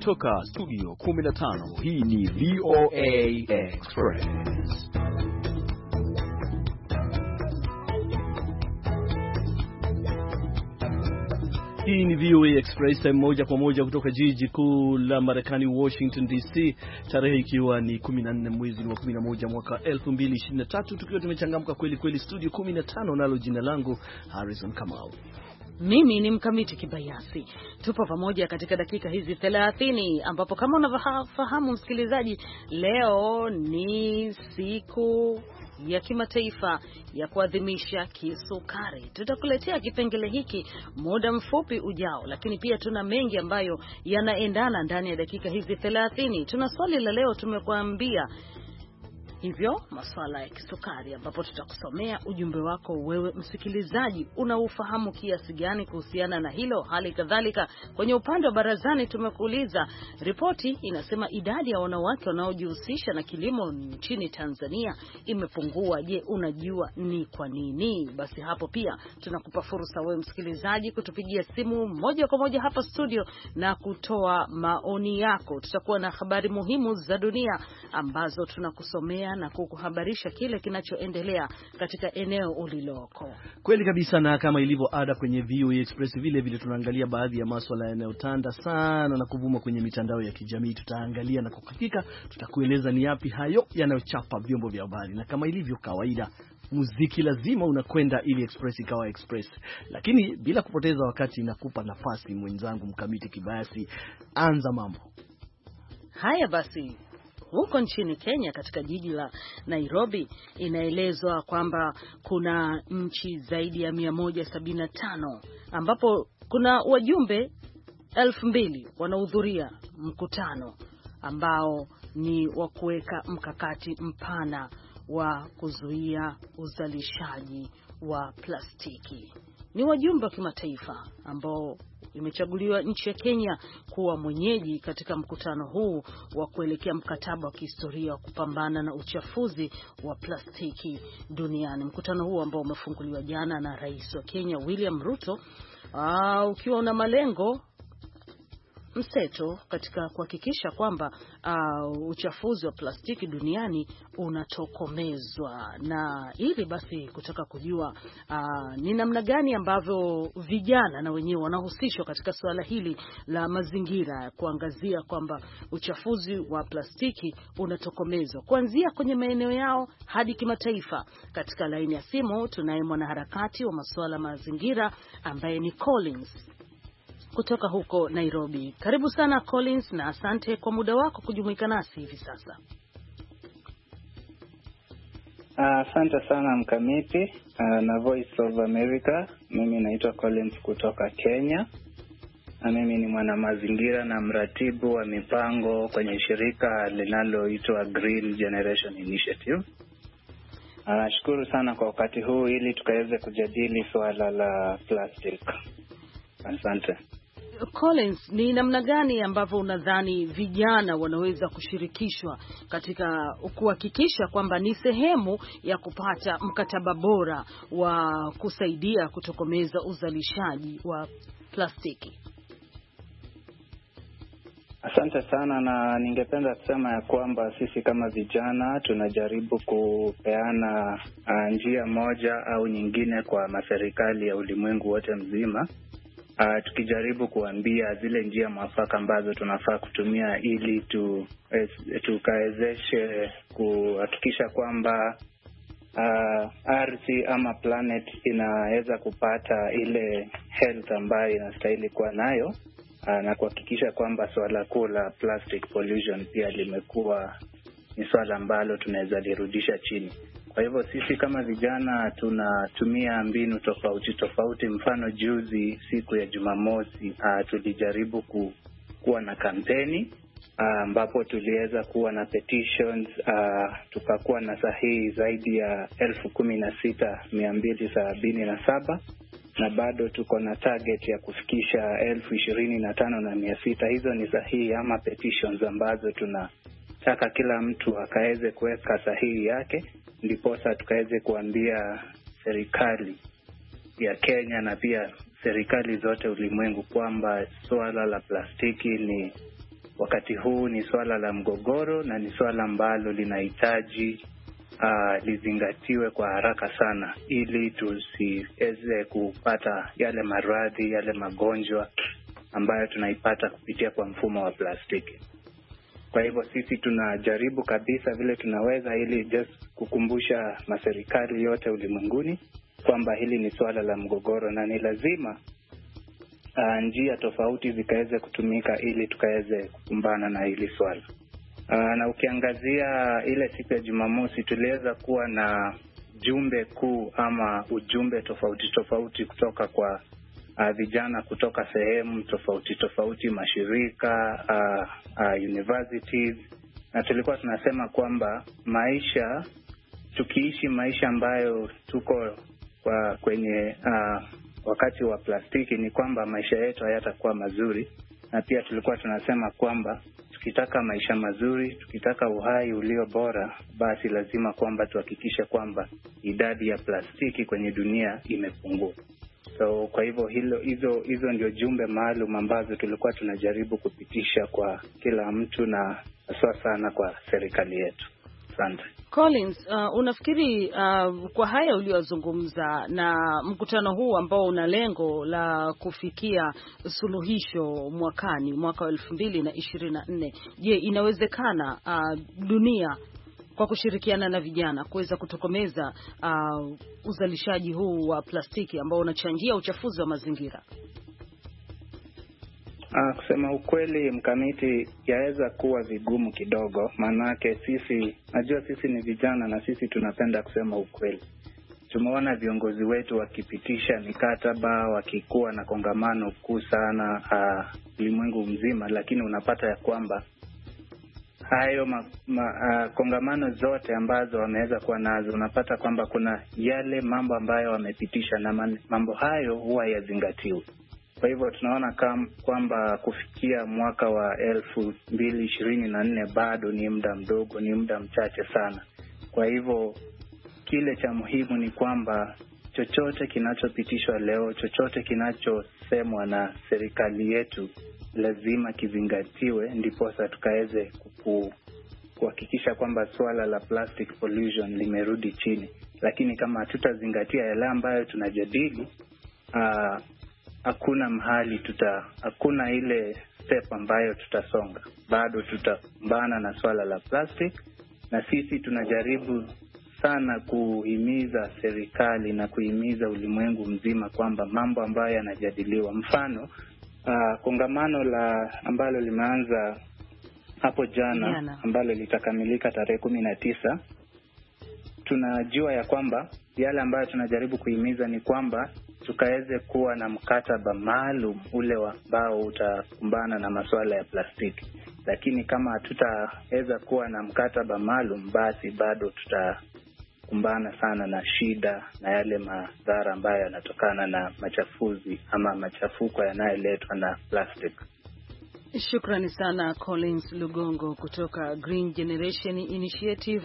Kutoka studio 15 hii ni VOA Express. Hii ni VOA Express moja kwa moja kutoka jiji kuu la Marekani Washington DC, tarehe ikiwa ni 14 mwezi wa 11 mwaka 2023, tukiwa tumechangamka kweli kweli studio 15, nalo jina langu Harrison Kamau. Mimi ni Mkamiti Kibayasi, tupo pamoja katika dakika hizi thelathini ambapo kama unavyofahamu msikilizaji, leo ni siku ya kimataifa ya kuadhimisha kisukari. Tutakuletea kipengele hiki muda mfupi ujao, lakini pia tuna mengi ambayo yanaendana ndani ya dakika hizi thelathini. Tuna swali la leo tumekuambia hivyo masuala ya kisukari, ambapo tutakusomea ujumbe wako wewe msikilizaji, unaufahamu kiasi gani kuhusiana na hilo? Hali kadhalika kwenye upande wa barazani tumekuuliza, ripoti inasema idadi ya wanawake wanaojihusisha na kilimo nchini Tanzania imepungua. Je, unajua ni kwa nini? Basi hapo pia tunakupa fursa wewe msikilizaji kutupigia simu moja kwa moja hapa studio na kutoa maoni yako. Tutakuwa na habari muhimu za dunia ambazo tunakusomea kukujuza na kukuhabarisha kile kinachoendelea katika eneo uliloko. Kweli kabisa, na kama ilivyo ada kwenye VOA e Express, vile vile tunaangalia baadhi ya maswala yanayotanda sana na kuvuma kwenye mitandao ya kijamii. Tutaangalia na kwa hakika tutakueleza ni yapi hayo yanayochapa vyombo vya habari, na kama ilivyo kawaida muziki lazima unakwenda ili express ikawa express, lakini bila kupoteza wakati, nakupa nafasi mwenzangu Mkamiti Kibayasi, anza mambo haya basi huko nchini Kenya katika jiji la Nairobi, inaelezwa kwamba kuna nchi zaidi ya 175 ambapo kuna wajumbe elfu mbili wanahudhuria mkutano ambao ni wa kuweka mkakati mpana wa kuzuia uzalishaji wa plastiki ni wajumbe wa kimataifa ambao imechaguliwa nchi ya Kenya kuwa mwenyeji katika mkutano huu wa kuelekea mkataba wa kihistoria wa kupambana na uchafuzi wa plastiki duniani. Mkutano huu ambao umefunguliwa jana na Rais wa Kenya William Ruto, aa, ah, ukiwa una malengo mseto katika kuhakikisha kwamba uh, uchafuzi wa plastiki duniani unatokomezwa. Na ili basi kutaka kujua uh, ni namna gani ambavyo vijana na wenyewe wanahusishwa katika suala hili la mazingira, kuangazia kwamba uchafuzi wa plastiki unatokomezwa kuanzia kwenye maeneo yao hadi kimataifa, katika laini ya simu tunaye mwanaharakati wa masuala mazingira ambaye ni Collins kutoka huko Nairobi. Karibu sana Collins, na asante kwa muda wako kujumuika nasi hivi sasa. Asante uh, sana Mkamiti uh, na Voice of America. Mimi naitwa Collins kutoka Kenya na mimi ni mwanamazingira na mratibu wa mipango kwenye shirika linaloitwa Green Generation Initiative. Nashukuru sana kwa wakati huu ili tukaweze kujadili suala la plastic. Asante. Collins, ni namna gani ambavyo unadhani vijana wanaweza kushirikishwa katika kuhakikisha kwamba ni sehemu ya kupata mkataba bora wa kusaidia kutokomeza uzalishaji wa plastiki? Asante sana, na ningependa kusema ya kwamba sisi kama vijana tunajaribu kupeana ah, njia moja au nyingine kwa maserikali ya ulimwengu wote mzima uh, tukijaribu kuambia zile njia mwafaka ambazo tunafaa kutumia ili tu, eh, tukawezeshe kuhakikisha kwamba uh, ah, ardhi ama planet inaweza kupata ile health ambayo inastahili kuwa nayo uh, na kuhakikisha kwamba suala kuu la plastic pollution pia limekuwa ni swala ambalo tunaweza lirudisha chini. Kwa hivyo sisi kama vijana tunatumia mbinu tofauti tofauti. Mfano, juzi siku ya Jumamosi uh, tulijaribu ku, kuwa na kampeni ah, ambapo uh, tuliweza kuwa na petitions uh, tukakuwa na sahihi zaidi ya elfu kumi na sita mia mbili sabini na saba na bado tuko na target ya kufikisha elfu ishirini na tano na mia sita. Hizo ni sahihi ama petitions ambazo tunataka kila mtu akaweze kuweka sahihi yake ndiposa tukaweze kuambia serikali ya Kenya na pia serikali zote ulimwengu kwamba swala la plastiki ni wakati huu ni swala la mgogoro na ni swala ambalo linahitaji uh, lizingatiwe kwa haraka sana, ili tusiweze kupata yale maradhi, yale magonjwa ambayo tunaipata kupitia kwa mfumo wa plastiki. Kwa hivyo sisi tunajaribu kabisa vile tunaweza, ili just kukumbusha maserikali yote ulimwenguni kwamba hili ni suala la mgogoro na ni lazima uh, njia tofauti zikaweze kutumika ili tukaweze kukumbana na hili swala uh, na ukiangazia ile siku ya Jumamosi tuliweza kuwa na jumbe kuu ama ujumbe tofauti tofauti kutoka kwa uh, vijana kutoka sehemu tofauti tofauti, mashirika uh, uh, universities, na tulikuwa tunasema kwamba maisha, tukiishi maisha ambayo tuko kwa kwenye uh, wakati wa plastiki, ni kwamba maisha yetu hayatakuwa mazuri, na pia tulikuwa tunasema kwamba tukitaka maisha mazuri, tukitaka uhai ulio bora, basi lazima kwamba tuhakikishe kwamba idadi ya plastiki kwenye dunia imepungua. So kwa hivyo hilo, hizo hizo ndio jumbe maalum ambazo tulikuwa tunajaribu kupitisha kwa kila mtu na haswa sana kwa serikali yetu. Asante Collins. Uh, unafikiri uh, kwa haya uliyozungumza na mkutano huu ambao una lengo la kufikia suluhisho mwakani mwaka wa elfu mbili na ishirini na nne, je, inawezekana uh, dunia kwa kushirikiana na vijana kuweza kutokomeza uh, uzalishaji huu wa plastiki ambao unachangia uchafuzi wa mazingira? Uh, kusema ukweli mkamiti, yaweza kuwa vigumu kidogo, maanake sisi, najua sisi ni vijana na sisi tunapenda kusema ukweli. Tumeona viongozi wetu wakipitisha mikataba, wakikuwa na kongamano kuu sana ah, ulimwengu mzima, lakini unapata ya kwamba hayo ma, ma, uh, kongamano zote ambazo wameweza kuwa nazo, unapata kwamba kuna yale mambo ambayo wamepitisha na man, mambo hayo huwa yazingatiwi. Kwa hivyo tunaona kwamba kufikia mwaka wa elfu mbili ishirini na nne bado ni muda mdogo, ni muda mchache sana. Kwa hivyo kile cha muhimu ni kwamba chochote kinachopitishwa leo, chochote kinachosemwa na serikali yetu lazima kizingatiwe, ndiposa tukaweze kuhakikisha kwamba suala la plastic pollution limerudi chini. Lakini kama hatutazingatia yale ambayo tunajadili, ah, hakuna mahali tuta, hakuna ile step ambayo tutasonga. Bado tutapambana na suala la plastic, na sisi tunajaribu sana kuhimiza serikali na kuhimiza ulimwengu mzima kwamba mambo ambayo yanajadiliwa, mfano uh, kongamano la ambalo limeanza hapo jana, ambalo litakamilika tarehe kumi na tisa tunajua ya kwamba yale ambayo tunajaribu kuhimiza ni kwamba tukaweze kuwa na mkataba maalum ule ambao utakumbana na masuala ya plastiki, lakini kama hatutaweza kuwa na mkataba maalum, basi bado tuta kukumbana sana na shida na yale madhara ambayo yanatokana na machafuzi ama machafuko yanayoletwa na plastic. Shukrani sana Collins Lugongo kutoka Green Generation Initiative,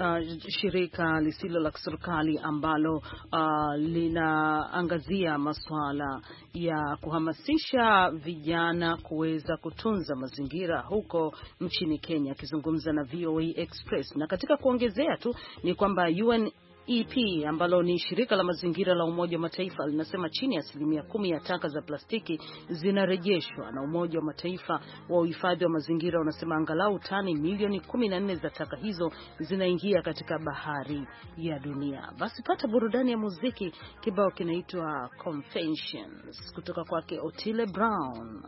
uh, shirika lisilo la kiserikali ambalo uh, linaangazia masuala ya kuhamasisha vijana kuweza kutunza mazingira huko nchini Kenya, akizungumza na VOA Express. Na katika kuongezea tu ni kwamba UN EP ambalo ni shirika la mazingira la Umoja wa Mataifa linasema chini ya asilimia kumi ya taka za plastiki zinarejeshwa, na Umoja wa Mataifa wa uhifadhi wa mazingira unasema angalau tani milioni 14 za taka hizo zinaingia katika bahari ya dunia. Basi pata burudani ya muziki, kibao kinaitwa Confessions kutoka kwake Otile Brown.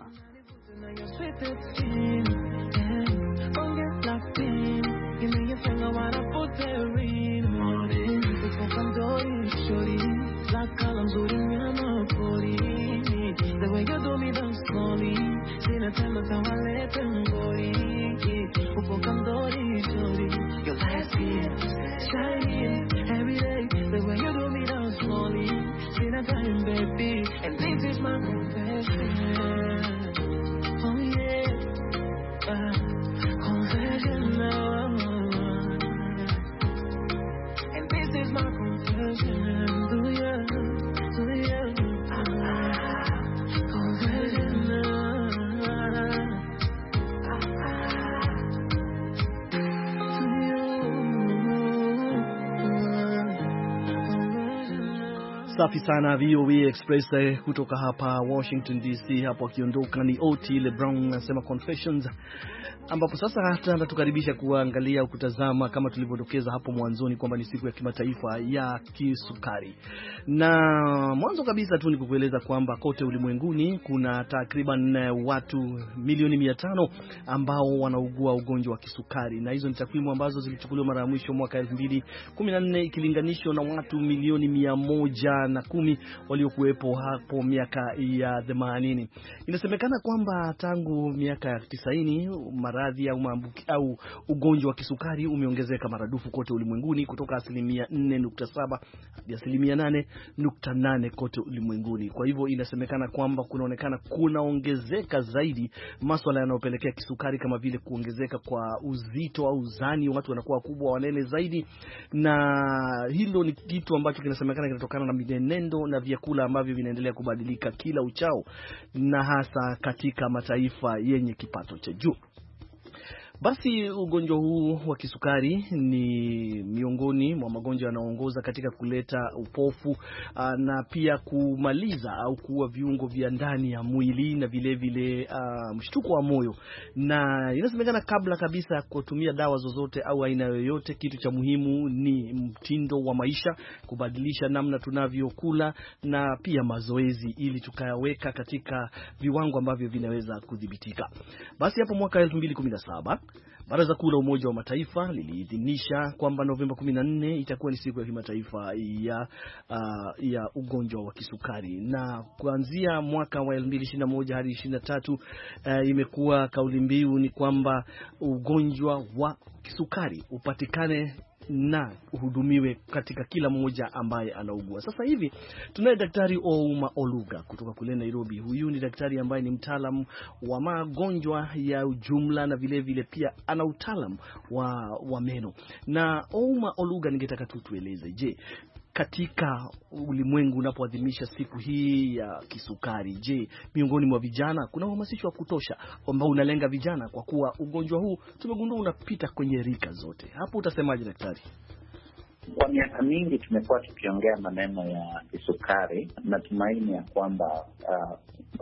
Safi sana VOA Express eh, kutoka hapa Washington DC. Hapo akiondoka ni OT LeBron anasema Confessions, ambapo sasa natukaribisha kuangalia kutazama, kama tulivyodokeza hapo mwanzoni kwamba ni siku ya kimataifa ya kisukari, na mwanzo kabisa tu ni kukueleza kwamba kote ulimwenguni kuna takriban eh, watu milioni mia tano ambao wanaugua ugonjwa wa kisukari, na hizo ni takwimu ambazo zilichukuliwa mara ya mwisho mwaka 2014 ikilinganishwa na watu milioni mia moja na kumi waliokuwepo hapo miaka ya themanini. Inasemekana kwamba tangu miaka ya tisaini maradhi au maambuki au ugonjwa wa kisukari umeongezeka maradufu kote ulimwenguni kutoka asilimia nne nukta saba hadi asilimia nane nukta nane kote ulimwenguni. Kwa hivyo inasemekana kwamba kunaonekana kunaongezeka zaidi maswala yanayopelekea kisukari kama vile kuongezeka kwa uzito au uzani, watu wanakuwa wakubwa wanene zaidi, na hilo ni kitu ambacho kinasemekana kinatokana na mienendo na vyakula ambavyo vinaendelea kubadilika kila uchao na hasa katika mataifa yenye kipato cha juu. Basi ugonjwa huu wa kisukari ni miongoni mwa magonjwa yanayoongoza katika kuleta upofu ah, na pia kumaliza au kuua viungo vya ndani ya mwili na vilevile ah, mshtuko wa moyo, na inasemekana kabla kabisa ya kutumia dawa zozote au aina yoyote, kitu cha muhimu ni mtindo wa maisha, kubadilisha namna tunavyokula na pia mazoezi, ili tukayaweka katika viwango ambavyo vinaweza kudhibitika. Basi hapo mwaka 2017 Baraza Kuu la Umoja wa Mataifa liliidhinisha kwamba Novemba 14 itakuwa ni siku ya kimataifa ya, uh, ya ugonjwa wa kisukari, na kuanzia mwaka wa 2021 hadi 23, uh, imekuwa kauli mbiu ni kwamba ugonjwa wa kisukari upatikane na uhudumiwe katika kila mmoja ambaye anaugua. Sasa hivi tunaye Daktari Ouma Oluga kutoka kule Nairobi. Huyu ni daktari ambaye ni mtaalamu wa magonjwa ya ujumla na vilevile vile pia ana utaalamu wa, wa meno. Na Ouma Oluga, ningetaka tu tueleze, je, katika ulimwengu unapoadhimisha siku hii ya kisukari, je, miongoni mwa vijana kuna uhamasisho wa kutosha ambao unalenga vijana, kwa kuwa ugonjwa huu tumegundua unapita kwenye rika zote? Hapo utasemaje daktari? Kwa miaka mingi tumekuwa tukiongea maneno ya kisukari. Natumaini ya kwamba uh,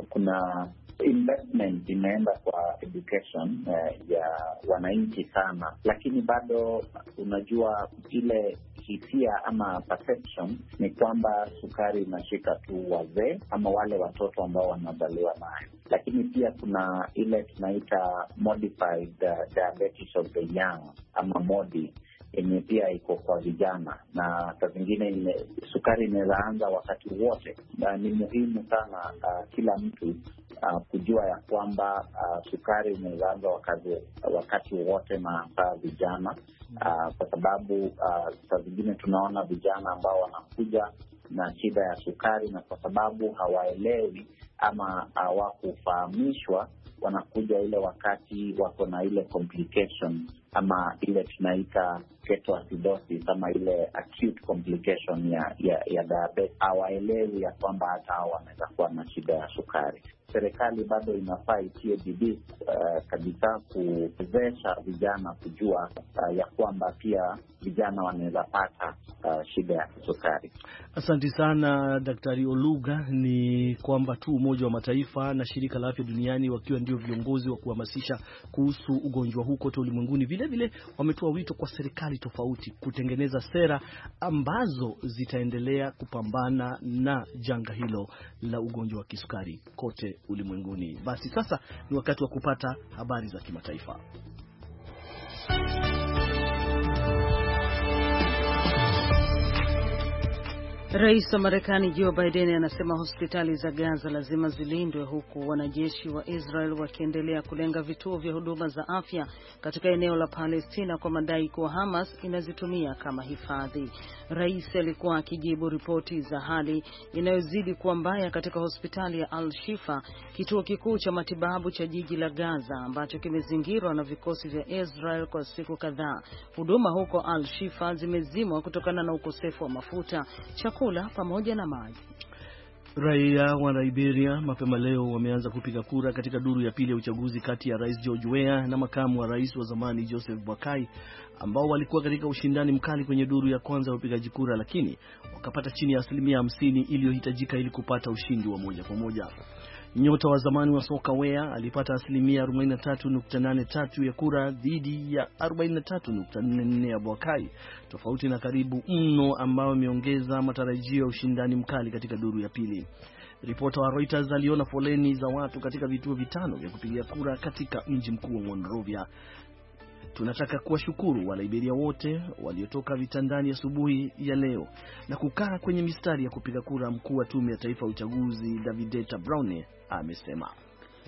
kuna investment imeenda kwa education uh, ya wananchi sana, lakini bado unajua ile hisia ama perception ni kwamba sukari inashika tu wazee ama wale watoto ambao wanazaliwa nayo, lakini pia kuna ile tunaita modified uh, diabetes of the young ama MODI yenye pia iko kwa vijana na saa zingine sukari inaweza anza wakati wote, na ni muhimu sana uh, kila mtu uh, kujua ya kwamba uh, sukari unaweza anza wakati wowote na vijana uh, kwa sababu uh, saa uh, zingine tunaona vijana ambao wanakuja na shida ya sukari, na kwa sababu hawaelewi ama hawakufahamishwa, wanakuja ile wakati wako na ile complication ama ile tunaita ketoacidosis ama ile acute complication ya ya, ya diabetes. Hawaelewi ya kwamba hata hao wanaweza kuwa na shida ya sukari serikali bado inafaa itie bidii uh, kabisa kuwezesha vijana kujua uh, ya kwamba pia vijana wanaweza pata uh, shida ya kisukari. asanti sana Daktari Oluga. Ni kwamba tu Umoja wa Mataifa na Shirika la Afya Duniani wakiwa ndio viongozi wa kuhamasisha kuhusu ugonjwa huu kote ulimwenguni. Vilevile wametoa wito kwa serikali tofauti kutengeneza sera ambazo zitaendelea kupambana na janga hilo la ugonjwa wa kisukari kote ulimwenguni. Basi sasa ni wakati wa kupata habari za kimataifa. Rais wa Marekani Joe Biden anasema hospitali za Gaza lazima zilindwe huku wanajeshi wa Israel wakiendelea kulenga vituo vya huduma za afya katika eneo la Palestina kwa madai kuwa Hamas inazitumia kama hifadhi. Rais alikuwa akijibu ripoti za hali inayozidi kuwa mbaya katika hospitali ya Al-Shifa, kituo kikuu cha matibabu cha jiji la Gaza ambacho kimezingirwa na vikosi vya Israel kwa siku kadhaa. Huduma huko Al-Shifa zimezimwa kutokana na ukosefu wa mafuta, chakula chakula pamoja na maji. Raia wa Liberia mapema leo wameanza kupiga kura katika duru ya pili ya uchaguzi kati ya Rais George Weah na makamu wa rais wa zamani Joseph Boakai ambao walikuwa katika ushindani mkali kwenye duru ya kwanza ya upigaji kura, lakini wakapata chini ya asilimia hamsini iliyohitajika ili kupata ushindi wa moja kwa moja. Nyota wa zamani wa soka wea alipata asilimia 43.83 ya kura dhidi ya 43.44 ya Boakai, tofauti na karibu mno ambayo imeongeza matarajio ya ushindani mkali katika duru ya pili. Ripota wa Reuters aliona foleni za watu katika vituo vitano vya kupigia kura katika mji mkuu wa Monrovia Tunataka kuwashukuru Waliberia wote waliotoka vitandani asubuhi ya, ya leo na kukaa kwenye mistari ya kupiga kura. Mkuu wa Tume ya Taifa ya Uchaguzi davidetta Browne amesema.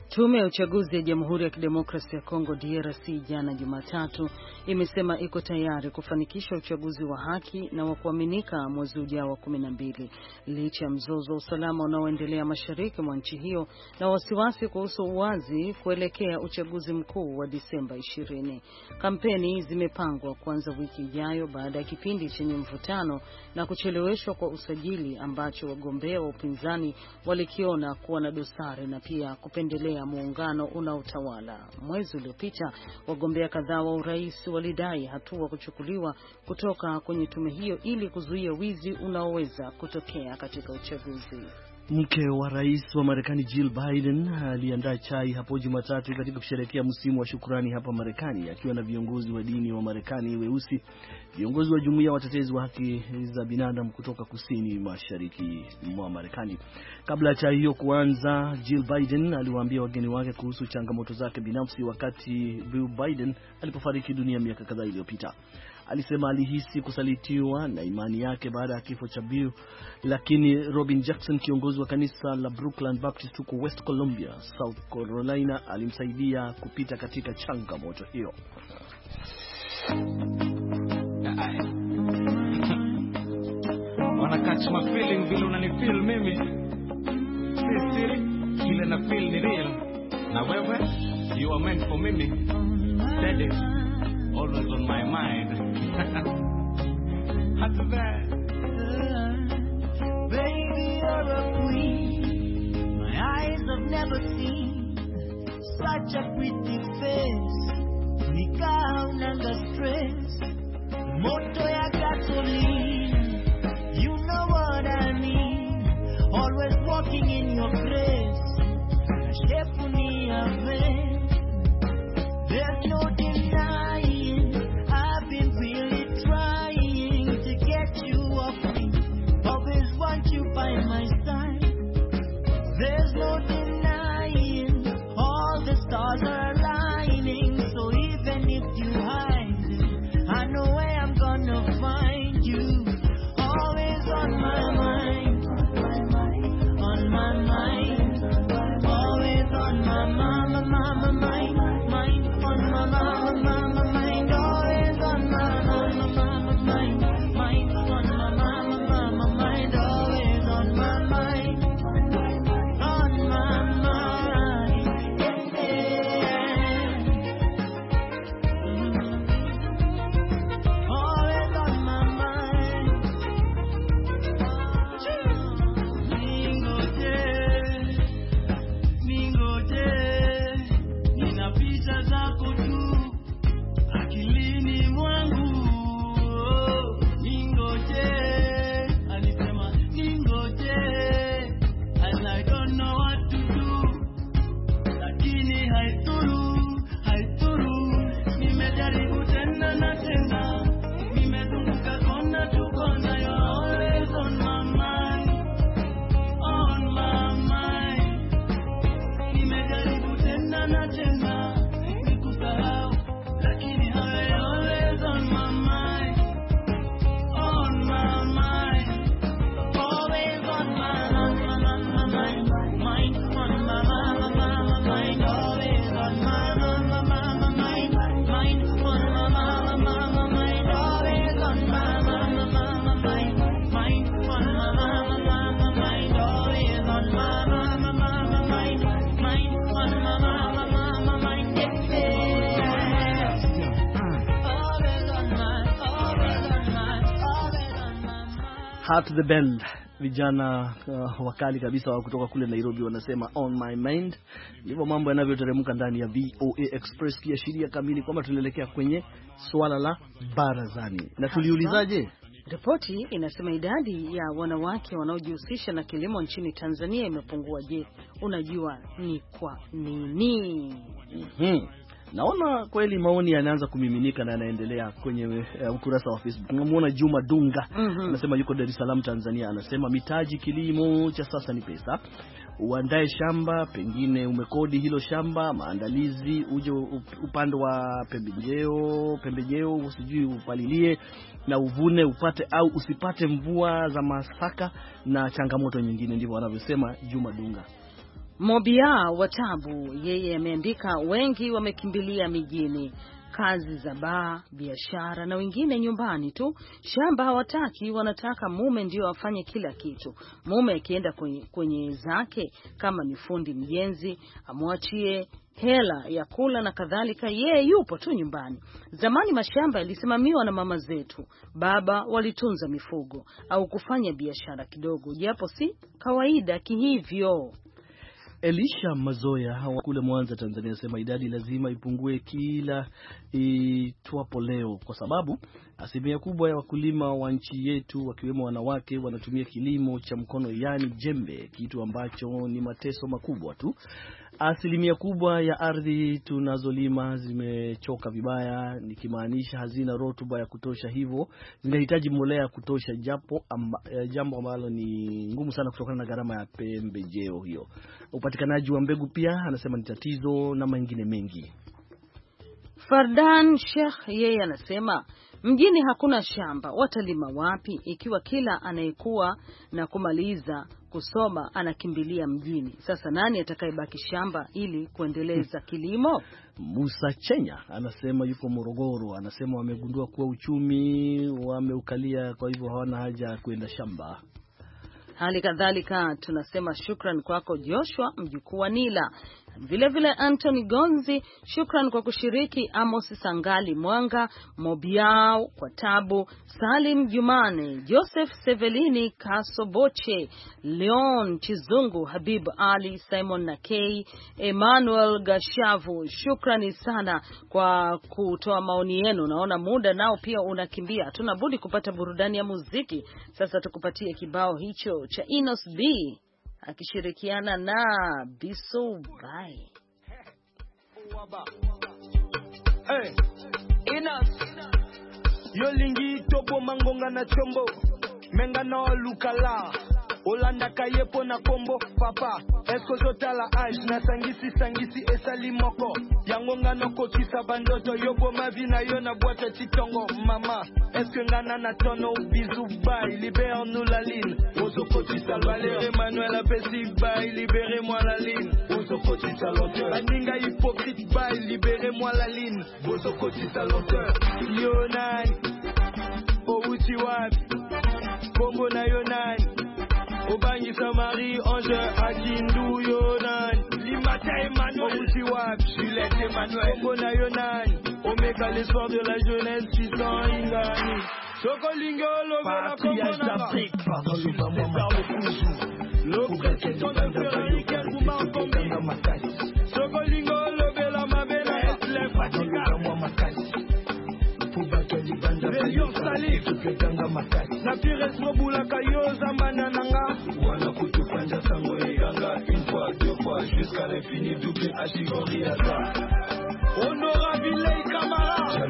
Tume ya uchaguzi ya Jamhuri ya Kidemokrasi ya Kongo DRC jana Jumatatu imesema iko tayari kufanikisha uchaguzi wa haki na wa kuaminika mwezi ujao wa kumi na mbili licha ya mzozo wa usalama unaoendelea mashariki mwa nchi hiyo na wasiwasi kuhusu uwazi kuelekea uchaguzi mkuu wa Disemba 20. Kampeni zimepangwa kuanza wiki ijayo baada ya kipindi chenye mvutano na kucheleweshwa kwa usajili ambacho wagombea wa upinzani walikiona kuwa na dosari na pia kupendelea kugombea muungano unaotawala. Mwezi uliopita wagombea kadhaa wa urais walidai hatua kuchukuliwa kutoka kwenye tume hiyo ili kuzuia wizi unaoweza kutokea katika uchaguzi. Mke wa rais wa Marekani Jill Biden aliandaa chai hapo Jumatatu katika kusherehekea msimu wa shukurani hapa Marekani akiwa na viongozi wa dini wa Marekani weusi Viongozi wa jumuiya watetezi wa haki za binadamu kutoka kusini mashariki mwa Marekani. Kabla ya chai hiyo kuanza, Jill Biden aliwaambia wageni wake kuhusu changamoto zake binafsi wakati Bill Biden alipofariki dunia miaka kadhaa iliyopita. Alisema alihisi kusalitiwa na imani yake baada ya kifo cha Bill, lakini Robin Jackson, kiongozi wa kanisa la Brookland Baptist huko West Columbia, South Carolina, alimsaidia kupita katika changamoto hiyo. Wanna catch my feeling vile unanifeel mimi si siri vile na feel ni real na wewe you are meant for mimi steady always on my mind hata there baby you're a queen my eyes have never seen such a pretty face nikaa unanga stress moto ya gasoline you know what I mean. Always walking in your grace. Shape me a Heart the Band, vijana uh, wakali kabisa wa kutoka kule Nairobi wanasema on my mind. Ndivyo mambo yanavyoteremka ndani ya VOA Express, kiashiria kamili kwamba tunaelekea kwenye swala la barazani. Na tuliulizaje? Ripoti inasema idadi ya wanawake wanaojihusisha na kilimo nchini Tanzania imepungua. Je, unajua ni kwa nini? mm -hmm. Naona kweli maoni yanaanza kumiminika na yanaendelea kwenye uh, ukurasa wa Facebook. Namuona Juma Dunga mhm. anasema mm -hmm. yuko Dar es Salaam Tanzania, anasema mitaji kilimo cha sasa ni pesa, uandae shamba, pengine umekodi hilo shamba, maandalizi, uje upande wa pembejeo, pembejeo sijui upalilie na uvune, upate au usipate mvua za masaka na changamoto nyingine, ndivyo wanavyosema Juma Dunga. Mobia wa Tabu yeye ameandika, wengi wamekimbilia mijini, kazi za baa, biashara na wengine nyumbani tu. Shamba hawataki, wanataka mume ndio afanye kila kitu. Mume akienda kwenye, kwenye zake, kama ni fundi mjenzi, amwachie hela ya kula na kadhalika, yeye yupo tu nyumbani. Zamani mashamba yalisimamiwa na mama zetu, baba walitunza mifugo au kufanya biashara kidogo, japo si kawaida kihivyo. Elisha Mazoya wa kule Mwanza, Tanzania, asema idadi lazima ipungue kila itwapo leo, kwa sababu asilimia kubwa ya wakulima wa nchi yetu wakiwemo wanawake wanatumia kilimo cha mkono, yaani jembe, kitu ambacho ni mateso makubwa tu. Asilimia kubwa ya ardhi tunazolima zimechoka vibaya, nikimaanisha hazina rutuba ya kutosha, hivyo zinahitaji mbolea ya kutosha, japo amba, eh, jambo ambalo ni ngumu sana kutokana na gharama ya pembejeo hiyo. Upatikanaji wa mbegu pia anasema ni tatizo na mengine mengi. Fardan Sheikh yeye anasema mjini hakuna shamba, watalima wapi ikiwa kila anayekuwa na kumaliza kusoma anakimbilia mjini. Sasa nani atakayebaki shamba ili kuendeleza hmm. kilimo? Musa Chenya anasema yuko Morogoro, anasema wamegundua kuwa uchumi wameukalia, kwa hivyo hawana haja ya kuenda shamba. Hali kadhalika tunasema shukran kwako Joshua, mjukuu wa Nila vilevile Anthony Gonzi, shukran kwa kushiriki. Amos Sangali Mwanga Mobiao kwa tabu, Salim Jumane, Joseph Sevelini Kasoboche, Leon Chizungu, Habib Ali, Simon na K Emmanuel Gashavu, shukrani sana kwa kutoa maoni yenu. Naona muda nao pia unakimbia, tunabudi kupata burudani ya muziki. Sasa tukupatie kibao hicho cha Inos B akishirikiana na Biso Bai. Hey, Yolingi Tobo Mangonga na chombo Mengana Lukala olandaka ye mpo na nkombo papa eske ozotala age na sangisi sangisi esali moko yango nga nokokisa bandoto yoboma vi na yo na bwato titongo mama eske nga na na tono bizu bai libere nu la line ozokotisa valer emmanuel apesi bai libere moi la line ozokotisa lenteur baninga hypocrite bai libere moi la line bozokotisa lenteur yo nani outi wapi bongo na yo nani ubangi samari anje agindu yonan limata emmanuel obuti wap juliette emmanuel okona yonan omeka l'espoir de la jeunesse titan ingani sokolinge olobela komonaa l'oppression de Véronique et Roumar Kombi sokolinge olobela mabela esle fatika Rayon Salif Naturel Smoboulaka Yoza Manananga. Wana sango Une fois, deux fois, jusqu'à l'infini, Kamara.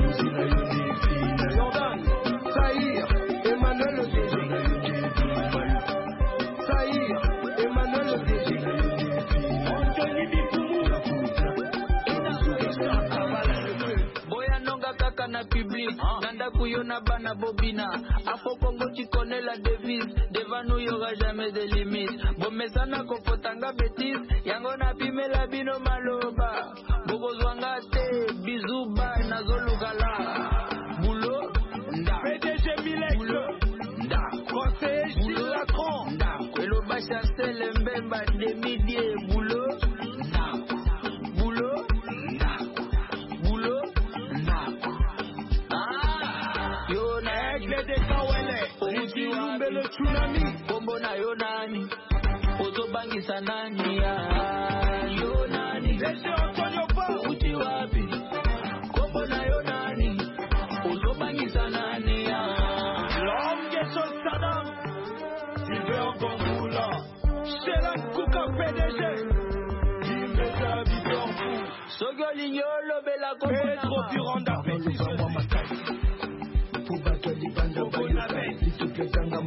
musique ah. na ndako yo na bana bobina afro kongo tikone la devise devan nous y'aura jamais de limite bomesana kopotanga betise yango napimela bino maloba bokozwanga te bizuba nazolukala bulo nda pdg milex nda conseiller gilacron nda eloba chancel mbemba demidie vele tsunami bombo na yonani uzobangisa nani yonani lete otonyopa uti wapi kombo na nani pdg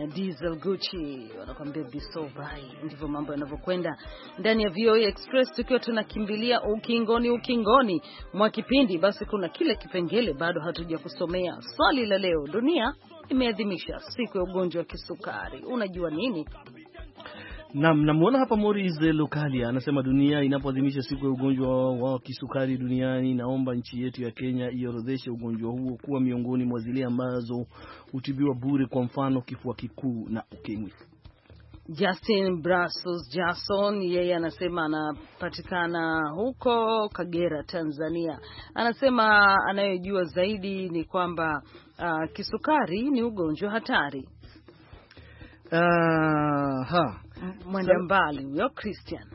na Diesel Gucci wanakuambia bisobai. Ndivyo mambo yanavyokwenda ndani ya VOA Express, tukiwa tunakimbilia ukingoni, ukingoni mwa kipindi. Basi kuna kile kipengele bado hatujakusomea swali la leo. Dunia imeadhimisha siku ya ugonjwa wa kisukari, unajua nini? Nam, namwona hapa Moris Lukalia anasema dunia inapoadhimisha siku ya ugonjwa wa kisukari duniani, naomba nchi yetu ya Kenya iorodheshe ugonjwa huo kuwa miongoni mwa zile ambazo hutibiwa bure, kwa mfano kifua kikuu na ukimwi. Justin Brasos Jason yeye anasema anapatikana huko Kagera, Tanzania. Anasema anayojua zaidi ni kwamba uh, kisukari ni ugonjwa hatari. Ah, ha mbali huyo Christian.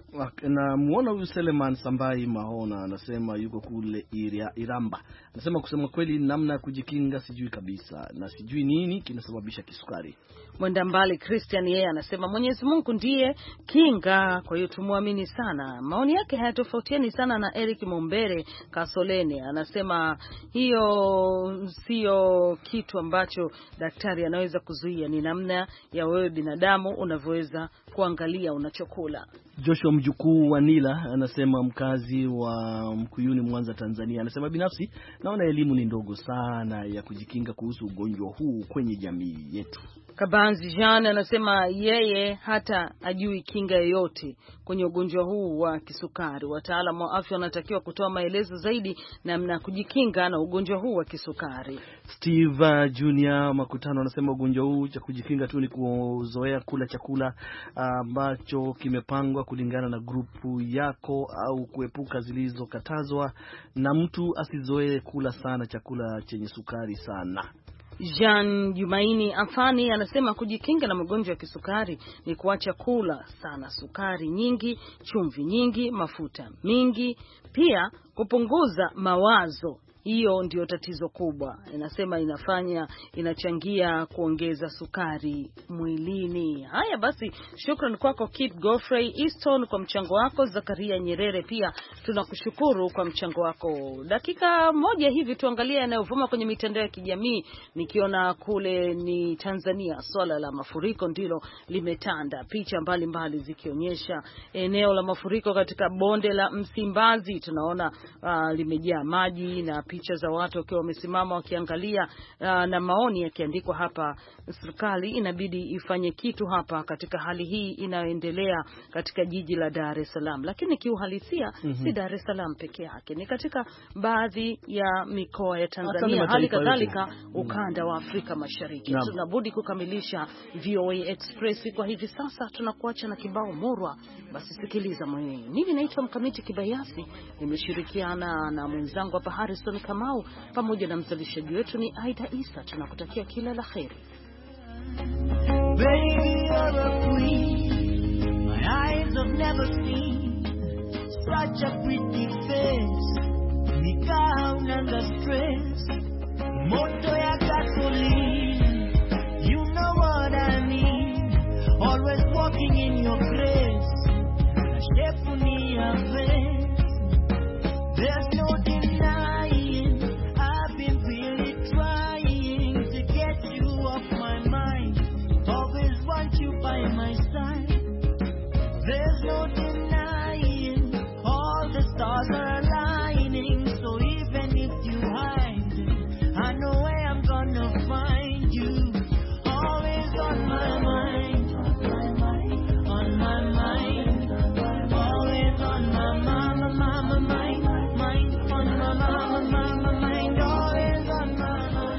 Namwona huyu Seleman Sambai Mahona anasema yuko kule Iria, Iramba. Anasema kusema kweli, namna ya kujikinga sijui kabisa, na sijui nini kinasababisha kisukari mwenda mbali Christian yeye anasema Mwenyezi Mungu ndiye kinga, kwa hiyo tumwamini sana. Maoni yake hayatofautiani sana na Eric Mombere Kasolene, anasema hiyo sio kitu ambacho daktari anaweza kuzuia, ni namna ya wewe binadamu unavyoweza kuangalia unachokula. Joshua mjukuu wa Nila anasema mkazi wa Mkuyuni, Mwanza, Tanzania, anasema binafsi naona elimu ni ndogo sana ya kujikinga kuhusu ugonjwa huu kwenye jamii yetu. Kabanzi Jean anasema yeye hata ajui kinga yoyote kwenye ugonjwa huu wa kisukari. Wataalamu wa afya wanatakiwa kutoa maelezo zaidi namna ya kujikinga na ugonjwa huu wa kisukari. Steve Junior Makutano anasema ugonjwa huu cha kujikinga tu ni kuzoea kula chakula ah, ambacho kimepangwa kulingana na grupu yako au kuepuka zilizokatazwa, na mtu asizoee kula sana chakula chenye sukari sana. Jean Jumaini Afani anasema kujikinga na magonjwa ya kisukari ni kuacha kula sana sukari nyingi, chumvi nyingi, mafuta mingi, pia kupunguza mawazo hiyo ndio tatizo kubwa, inasema inafanya inachangia kuongeza sukari mwilini. Haya basi, shukran kwako Kit Godfrey Easton kwa mchango wako. Zakaria Nyerere pia tunakushukuru kwa mchango wako. Dakika moja hivi tuangalie yanayovuma kwenye mitandao ya kijamii, nikiona kule ni Tanzania, swala la mafuriko ndilo limetanda, picha mbalimbali zikionyesha eneo la mafuriko katika bonde la Msimbazi, tunaona uh, limejaa maji na pia picha za watu wakiwa wamesimama wakiangalia, uh, na maoni yakiandikwa hapa, serikali inabidi ifanye kitu hapa katika hali hii inayoendelea katika jiji la Dar es Salaam. Lakini kiuhalisia mm -hmm. si Dar es Salaam peke yake, ni katika baadhi ya mikoa ya Tanzania, hali kadhalika mhm. ukanda wa Afrika Mashariki. Tunabudi kukamilisha VOA Express kwa hivi sasa, tunakuacha na kibao murwa. Basi sikiliza mwenyewe. Mimi naitwa Mkamiti Kibayasi, nimeshirikiana na mwenzangu hapa Harrison Kamau pamoja na mzalishaji wetu ni Aida Isa. Tunakutakia kila la heri. Baby,